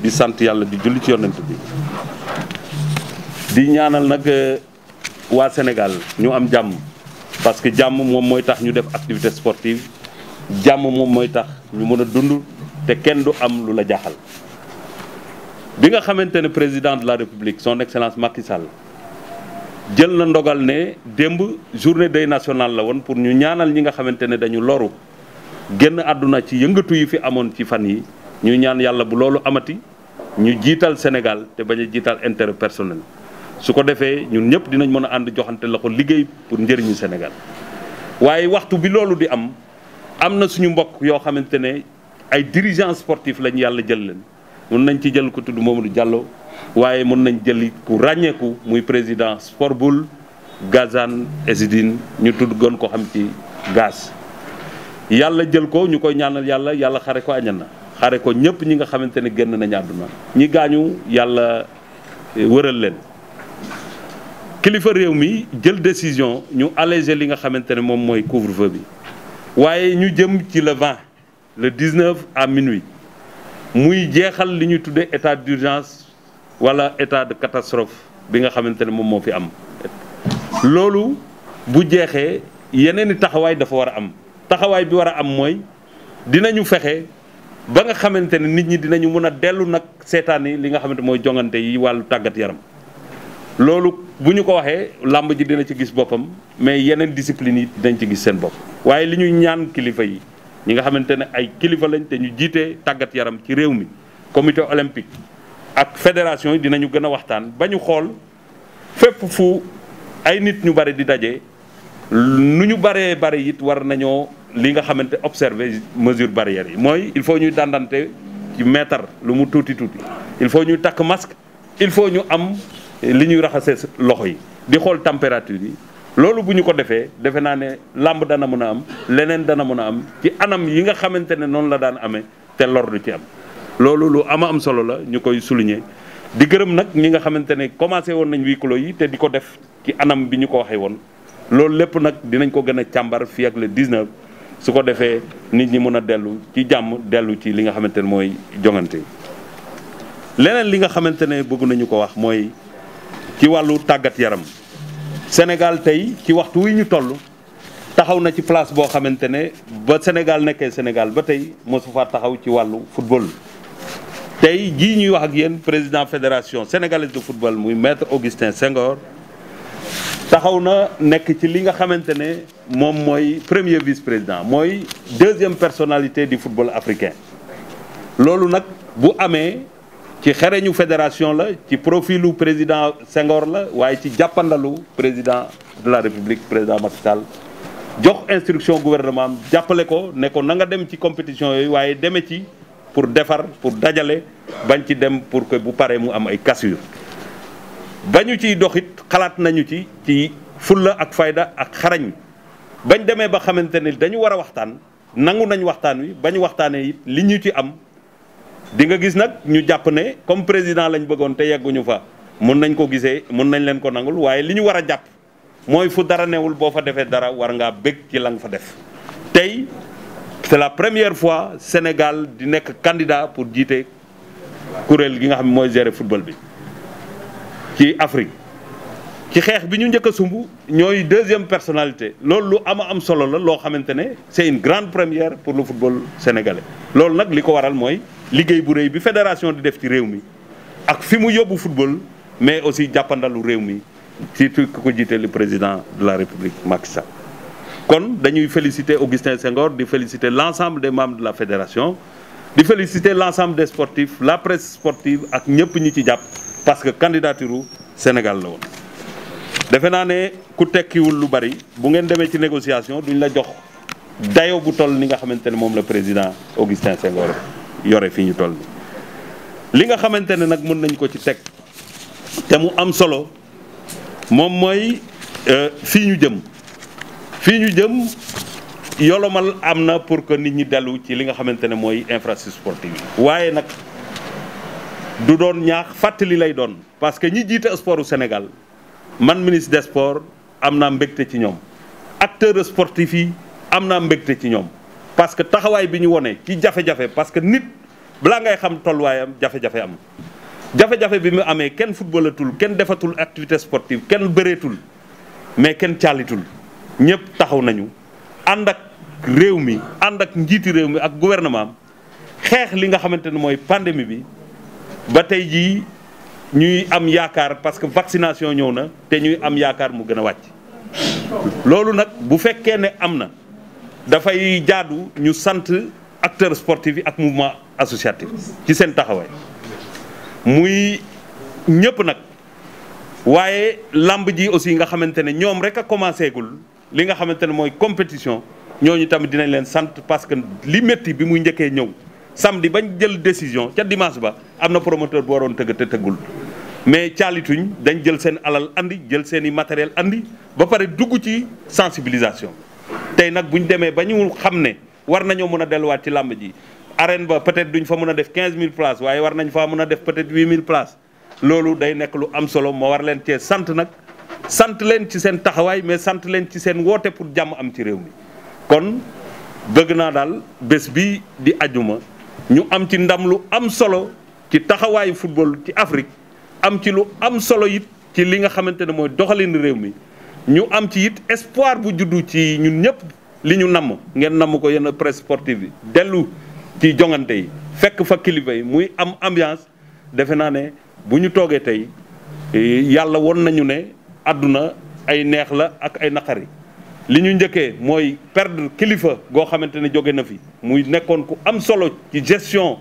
di sant yàlla di julli ci yonent bi di ñaanal nag euh, waa Sénégal ñu am jàmm parce que jàmm moom mooy tax ñu def activité sportive jàmm moom mooy tax ñu mën a dund te kenn du am lu la jaxal bi nga xamante ne président de la république son excellence Macky jël na ndogal ne démb journée day national la woon pour ñu ñaanal ñi nga xamante ne dañu loru génn àdduna ci yëngatu yi fi amoon ci fan yi ñuy ñaan yàlla bu loolu amati ñu jiital Sénégal te bañ jiital intérêt personnel su ko defee ñun ñëpp dinañ mën a ànd joxante la ko liggéey pour njëriñu Sénégal waaye waxtu bi loolu di am am na suñu mbokk yoo xamante ne ay dirigeants sportifs lañu yàlla jël leen mën nañ ci jël ko tudd Mamadou Diallo waaye mën nañ jël ku ràññeeku muy président Sport Boule Gazan Ezidine ñu tudd gën ko xam ci gaz yàlla jël ko ñu koy ñaanal yàlla yàlla xare ko àjjana xare ko ñëpp ñi nga xamante ne génn nañu àdduna ñi gaañu yàlla eh, wëral leen kilifa réew mi jël décision ñu alléger li nga xamante ne moom mooy couvre-feu bi waaye ñu jëm ci le 20 le 19 à minuit muy jeexal li ñuy tuddee état d'urgence wala état de catastrophe bi nga xamante ne moom moo fi am loolu bu jeexee yeneen i taxawaay dafa war a am taxawaay bi war a am mooy dinañu fexe ba nga xamante ne nit ñi dinañu mën a dellu nag seetaan yi li nga xamante mooy jongante yi wàllu tàggat yaram loolu bu ñu ko waxee làmb ji dina ci gis boppam mais yeneen discipline yi dinañ ci gis seen bopp waaye li ñuy ñaan kilifa yi ñi nga xamante ne ay kilifa lañ te ñu jiitee tàggat yaram ci réew mi comité olympique ak fédération yi dinañu gën a waxtaan ba ñu xool fépp fu ay nit ñu bari di daje nu ñu baree bari it war nañoo li nga xamante observer mesure barrière yi mooy il faut ñuy dandante ci mètre lu mu tuuti tuuti il faut ñuy takk masque il faut ñu am li ñuy raxasee loxo yi di xool température yi loolu bu ñu ko defee defe naa ne làmb dana mën a am leneen dana mën a am ci anam yi nga xamante ne noonu la daan amee te lor du ci am loolu lu am am solo la ñu koy souligner di gërëm nag ñi nga xamante ne commencé woon nañ huis clos yi te di ko def ci anam bi ñu ko waxee woon loolu lépp nag dinañ ko gën a càmbar fii ak le 19 su ko defee nit ñi mën a dellu ci jàmm dellu ci li nga xamante ne mooy jongante leneen li nga xamante ne bëgg nañu ko wax mooy ci wàllu tàggat yaram Sénégal tey ci waxtu wi ñu toll taxaw na ci place boo xamante ne ba Sénégal nekkee Sénégal ba tey mosu faa taxaw ci wàllu football. tey jii ñuy wax ak yéen président fédération sénégalaise de football muy maître Augustin Senghor. taxaw na nekk ci li nga xamante ne moom mooy premier vice président mooy deuxième personnalité du football africain loolu nag bu amee ci xereñu fédération la ci profilu président Senghor la waaye ci jàppandalu président de la république président Macky jox instruction gouvernement am jàppale ko ne ko na nga dem ci compétition yooyu waaye deme ci pour defar pour dajale bañ ci dem pour que bu paree mu am ay cassure ba ñu ciy doxit xalaat nañu ci ci fulla ak fayda ak xarañ bañ demee ba xamante ni dañu war a waxtaan nangu nañ waxtaan wi bañ waxtaanee it li ñu ci am di nga gis nag ñu jàpp ne comme président lañ bëggoon te yegguñu fa mun nañ ko gisee mun nañ leen ko nangul waaye li ñu war a jàpp mooy fu dara newul boo fa defee dara war ngaa bég ci la nga fa def tey c'est la première fois Sénégal di nekk candidat pour jiite kuréel gi nga xam ne mooy gere football bi ci Afrique ci xeex bi ñu njëkk sumb ñooy deuxième personnalité loolu lu ama am solo la loo xamante ne c'est une grande première pour le football sénégalais. loolu nag li ko waral mooy liggéey bu rëy bi fédération di def ci réew mi ak fi mu yóbbu football mais aussi jàppandalu réew mi surtout ku ko jiite le président de la république Macky Sall kon dañuy féliciter Augustin Senghor di féliciter l'ensemble des membres de la fédération di féliciter l'ensemble des sportifs la presse sportive ak ñëpp ñi ci jàpp. parce que candidature Sénégal la woon defe naa ne ku tekkiwul lu bari bu ngeen demee ci négociation duñ la jox dayo bu toll ni nga xamante ne moom la président Augustin Senghor yore fii ñu toll ni li nga xamante ne nag mën nañ ko ci teg te mu am solo moom mooy euh, fii ñu jëm fii ñu jëm yolomal am na pour que nit ñi dellu ci li nga xamante ne mooy infrastructure sportive yi waaye nag du doon ñaax fàttali lay doon parce que ñi jiite sportu Sénégal man ministre de sports am na mbégte ci ñoom acteurs sportifs yi am naa mbégte ci ñoom parce que taxawaay bi ñu wone ci jafe-jafe parce que nit balaa ngay xam tolluwaayam jafe-jafe am jafe-jafe bi mu amee kenn footballatul kenn defatul activité sportive kenn bëreetul mais kenn caalitul ñëpp taxaw nañu ànd ak réew mi ànd ak njiiti réew mi ak gouvernement xeex li nga xamante ne mooy pandémie bi ba tey jii ñuy am yaakaar parce que vaccination ñëw na te ñuy am yaakaar mu gën a wàcc loolu nag bu fekkee ne am na dafay jaadu ñu sant acteurs sportifs yi ak mouvement associatif ci seen taxawaay muy ñëpp nag waaye lamb ji aussi nga xamante ne ñoom rek a commencé gul li nga xamante ne mooy compétition ñooñu tamit dinañ leen sant parce que li métti bi muy njëkkee ñëw. samedi bañ jël décision ca dimanche ba am na promoteur bu waroon tëgg te tëggul mais caalituñ dañ jël seen alal andi jël seen i matériel andi ba pare dugg ci sensibilisation tey nag bu ñu demee ba ñu xam ne war nañoo mën a delluwaat ci làmb ji arène ba peut-être duñ fa mën a def 15000 places waaye war nañ faa mën a def peut-être 8000 places loolu day nekk lu am solo moo war leen cee sant nag sant leen ci seen taxawaay mais sant leen ci seen woote pour jàmm am ci réew mi kon bëgg naa daal bés bi di ajuma ñu am ci ndam lu am solo ci taxawaayu football ci Afrique am ci lu am solo it ci li nga xamante ne mooy doxalinu réew mi ñu am ci it espoir bu juddu ci ñun ñëpp li ñu namm ngeen namm ko yenn presse sportive bi dellu ci jongante yi fekk fa kilifa yi muy am ambiance defe naa ne bu ñu toogee tey eh, yàlla won nañu ne àdduna ay neex la ak ay naqari li ñu njëkkee mooy perdre kilifa goo xamante ne jóge na fi muy nekkoon ku am solo ci gestion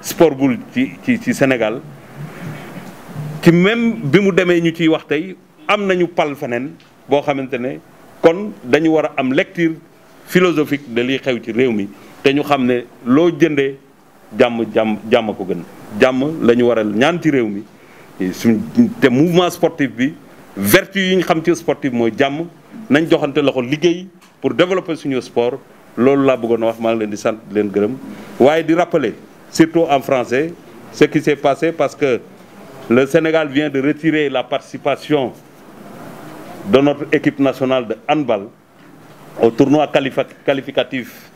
sport bul ci ci ci Sénégal ci même bi mu demee ñu ciy wax tey am nañu pal feneen boo xamante ne kon dañu war a am lecture philosophique de liy xew ci réew mi te ñu xam ne loo jëndee jàmm jàmm jàmm ko gën jàmm lañu ñu war a ñaan ci réew mi te mouvement sportif bi vertu yi ñu xam ci sportif mooy jàmm nañ joxante loxo liggéey pour développer suñu sport loolu laa bëggoon a wax maa ngi leen di sant leen gërëm waaye di rappeler surtout en français ce qui s'est passé parce que le Sénégal vient de retirer la participation de notre équipe nationale de handball au tournoi qualificatif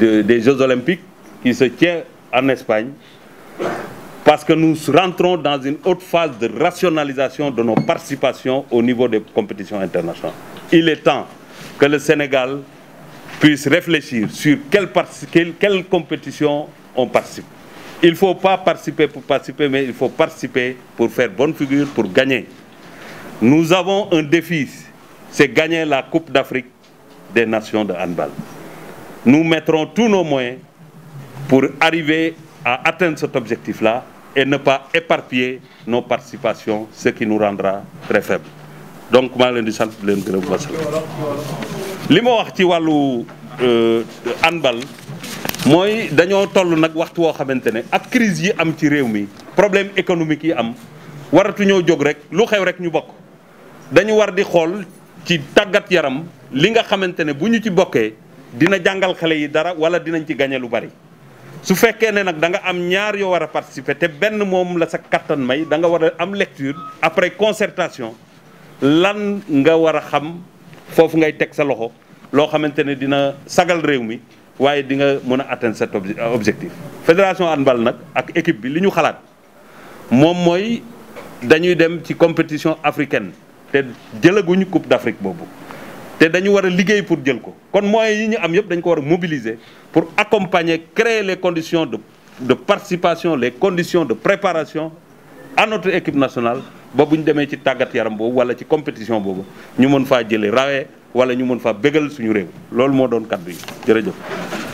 de, des Jeux Olympiques qui se tient en Espagne parce que nous rentrons dans une autre phase de rationalisation de nos participations au niveau des compétitions internationales. il est temps que le Sénégal puisse réfléchir sur quelle, quelle, quelle compétition on participe. Il ne faut pas participer pour participer, mais il faut participer pour faire bonne figure, pour gagner. Nous avons un défi, c'est gagner la Coupe d'Afrique des Nations de handball. Nous mettrons tous nos moyens pour arriver à atteindre cet objectif-là et ne pas éparpiller nos participations, ce qui nous rendra très faibles. donc maa leen di sant di leen gërëm wasalaam li ma wax ci wàllu euh, handball mooy dañoo toll nag waxtu woo xamante ne ak crise yi am ci réew mi problème économique yi am waratuñoo jóg rek lu xew rek ñu bokk dañu war di xool ci tàggat yaram li nga xamante ne bu ñu ci bokkee dina jàngal xale yi dara wala dinañ ci gañe lu bari su fekkee ne nag da nga am ñaar yoo war a participer te benn moom la sa kattan may da nga war a am lecture après concertation lan nga war a xam foofu ngay teg sa loxo loo xamante ne dina sagal réew mi waaye di nga mën a atteindre cet objectif. fédération handball nag ak équipe bi li ñu xalaat moom mooy dañuy dem ci compétition africaine te jëlaguñu coupe d'Afrique boobu. te dañu war a liggéey pour jël ko kon moyens yi ñu am yëpp dañ ko war a mobiliser pour accompagner créer les conditions de de participation les conditions de préparation à notre équipe nationale ba bu ñu demee ci tàggat yaram boobu wala ci compétition boobu ñu mën faa jëlee rawee wala ñu mën faa bégal suñu réew loolu moo doon kaddu yi jërëjëf.